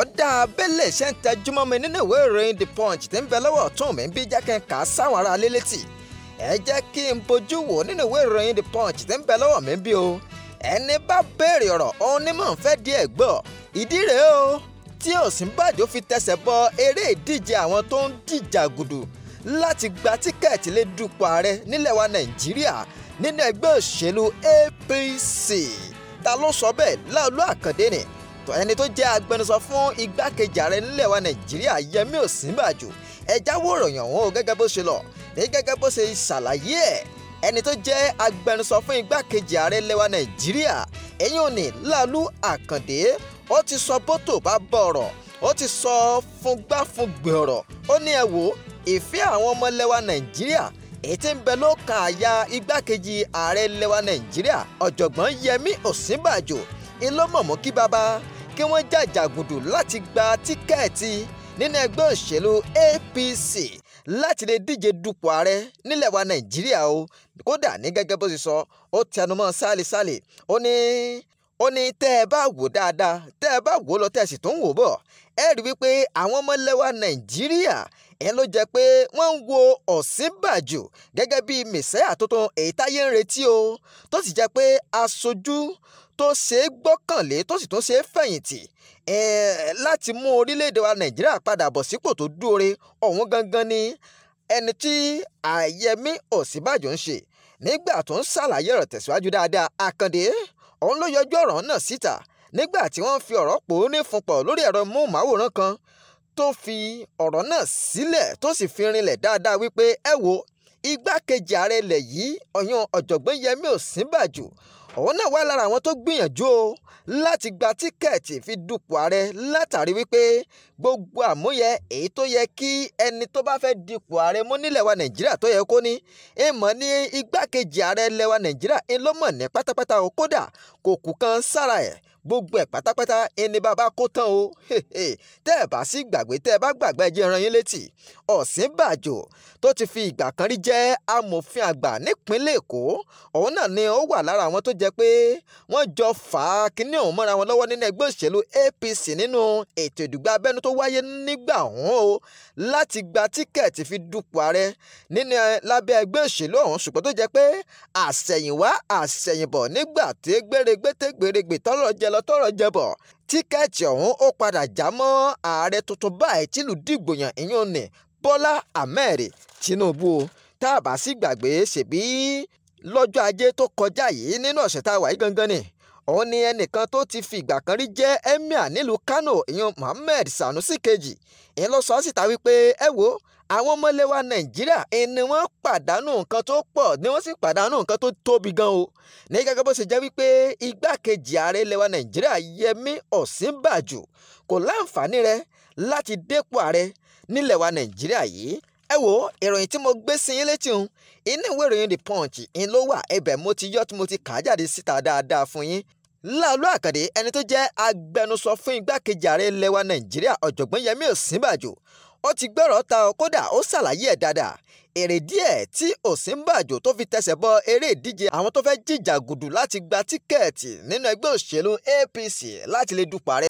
ọ̀dà abẹ́lẹ̀ ṣe ń tẹjúmọ́ mi nínú ìwé ìròyìn the punch tí ń bẹ lọ́wọ́ ọ̀tún mi bí jákè ń kà á sáwọn ará alé létí ẹ jẹ́ kí n bojú wò nínú ìwé ìròyìn the punch tí ń bẹ lọ́wọ́ mi bí o ẹni bá béèrè ọ̀rọ̀ onímọ̀ ń fẹ́ díẹ̀ gbọ́ ìdí rèé o tí Ọ̀ṣínbàjò fi tẹsẹ̀ bọ eré ìdíje àwọn tó ń dìjàgùdù láti gba tíkẹ́ẹ̀tì lé dupò ààrẹ nílẹ̀ wa Nàìjíríà nínú ẹgbẹ́ òṣèlú APC ta ló sọ bẹ́ẹ̀ Láolú Àkàndé ni ẹni tó jẹ́ agbẹnusọ fún igbákejì ààrẹ nílẹ̀ wa nàìjíríà yẹmí ọ̀sínbàjò ẹ jáwọ́ ròyìn ọ̀hún o gẹ́gẹ́ bó ṣe lọ ní gẹ́gẹ́ bó ṣe ṣàlàyé ẹ̀ ẹni tó jẹ́ agbẹnusọ fún igbákejì ààrẹ nílẹ̀ wa nàìjíríà ẹ̀yìn òní lálú àkàndé ó ti sọ bótò bá bọ̀ ọ̀rọ̀ ó ti sọ fúngbáfúngbìn ọ̀rọ̀ ó ní ẹ wò ìfẹ́ àwọn ọmọ lẹ́wà nàìjíríà èyí tí ń bẹ ló kan àyà igbákejì ààrẹ lẹ́wà nàìjíríà ọ̀jọ̀gbọ́n yẹmí ọ̀sínbàjò ìlọ́mọ̀mọ́ kí baba kí wọ́n jàjàgùdù láti gba tíkẹ́ẹ̀tì nínú ẹgbẹ́ òṣèlú APC láti lè díje dupò ààrẹ nílẹ̀ wa Nàìjíríà o kódà ní gẹ́gẹ́ bó ṣe sọ ó tẹnumọ́ sálísálí ó ní ó ní tẹ́ ẹ bá wò dáadáa tẹ́ ẹ bá wò lọ tẹ́ ẹ sì tún wò bọ̀ ẹ rí wípé àwọn ọmọlẹ́wà Nàìjíríà ẹ ló jẹ́ pé wọ́n ń wo Ọ̀sínbàjò gẹ́gẹ́ bíi mẹ̀sẹ́yà tuntun èyí táyé ń retí o tó sì jẹ́ pé aṣojú tó ṣeé gbọ́kànlé tó sì tún ṣeé fẹ̀yìntì láti mú orílẹ̀-èdè wa nàìjíríà padà bọ̀ sípò tó dúore ọ̀hún gangan ni ẹni tí àyẹmí òsínbàjò ń ṣe nígbà tó ń ṣàlàyé ọ̀rọ̀ tẹ̀síwájú dáadáa àkàndé òun ló yọjú ọ̀rọ̀ náà síta nígbà tí wọ́n fi ọ̀rọ̀ pò ó ní funpọ̀ lórí ẹ̀rọ móhùnmáwòrán kan tó fi ọ̀rọ̀ náà sílẹ̀ tó sì fi rinlẹ̀ dáadáa wípé ẹ wo igbákejì ààrẹ ilẹ̀ yìí ọ̀yàn ọ̀jọ̀gbọ́n yẹmí òsínbàjò òun náà wà lára àwọn tó gbìyànjú o láti gba tíkẹ́ẹ̀tì fi dupò ààrẹ látàrí wípé gbogbo àmúyẹ èyí tó yẹ kí ẹni tó bá fẹ́ dupò ààrẹ mú nílẹ̀ wa nàìjíríà tó yẹ kó ní ìmọ̀ ní igbákejì ààrẹ lẹwa nàìjíríà ń ló ní pátápátá o kò kù kan sára ẹ̀ gbogbo ẹ̀ pátápátá ẹni bàbá kó tán o tẹ́ ẹ bá sì gbàgbé tẹ́ ẹ bá gbàgbé ẹjẹ́ ran yín létí Ọ̀sínbàjò tó ti fi ìgbà kan rí jẹ́ amòfin àgbà nípínlẹ̀ Èkó òun náà ni ó wà lára àwọn tó jẹ́ pé wọ́n jọ fà á kíní ọ̀hún mọ́ra wọn lọ́wọ́ nínú ẹgbẹ́ òṣèlú APC nínú ètò ìdìbò abẹ́nú tó wáyé nígbà ọ̀hún o láti gba tíkẹ́ẹ̀tì fi dupò ààrẹ nínú lábẹ́ ẹgbẹ́ òṣèlú ọ̀hún ṣùgbọ́n tó jẹ́ pé àṣẹ̀yìnwá àṣẹ̀yìnbọ̀ nígbà tí gbèrègbè tẹ́gbèrègbè tọ́lọ̀ jẹ lọ tọ́rọ̀ jẹ bọ̀ tíkẹ́ẹ̀tì ọ̀hún ó padà já mọ́ ààrẹ tuntun báyìí tìlú dìgbòyàn ìyún ni bọ́lá ahmed tinubu tá a bá sì gbàgbé ṣèbí lọ́jọ́ ajé tó kọjá yìí nínú ọ̀sẹ̀ tá a wà yìí gangan ni òun ni ẹnìkan tó ti fi ìgbà kan rí jẹ́ emir nílùú kánò ìyún mohammed sanusi kejì ìyẹn ló sọ síta wípé ẹ wo àwọn ọmọ ilẹ̀ wa nàìjíríà ni wọ́n pàdánù nǹkan tó pọ̀ ni wọ́n sì pàdánù nǹkan tó tóbi gan o ní gẹ́gẹ́ bó ṣe jẹ́ wípé igbákejì ààrẹ ilẹ̀ wa nàìjíríà yẹmi ọ̀sínbàjò kò láǹfààní rẹ̀ láti dépò ààrẹ nílẹ̀ wa nàìjíríà yìí ẹ wo ìròyìn tí mo gbé sí yín létí òun inú ìwé ìròyìn the punch ń ló wà ẹbẹ̀ mo ti yọ tí mo ti kà á jáde síta dáadáa fún yín láolú àkàdé ẹni tó jẹ́ agbẹnusọ fún igbákejì ààrẹ ilẹ̀ wa nàìjíríà ọ̀jọ̀gbọ́n yẹmí ọ̀sínbàjò ó ti gbọ́rọ̀ ta ò kódà ó ṣàlàyé ẹ̀ dáadáa èrèdí ẹ̀ tí Ọ̀ṣínbàjò tó fi tẹsẹ̀ bọ eré ìdíje àwọn tó fẹ́ jìjàgùdù láti gba tíkẹ́ẹ̀tì nínú ẹgbẹ́ òṣèlú APC láti lè dupò ààrẹ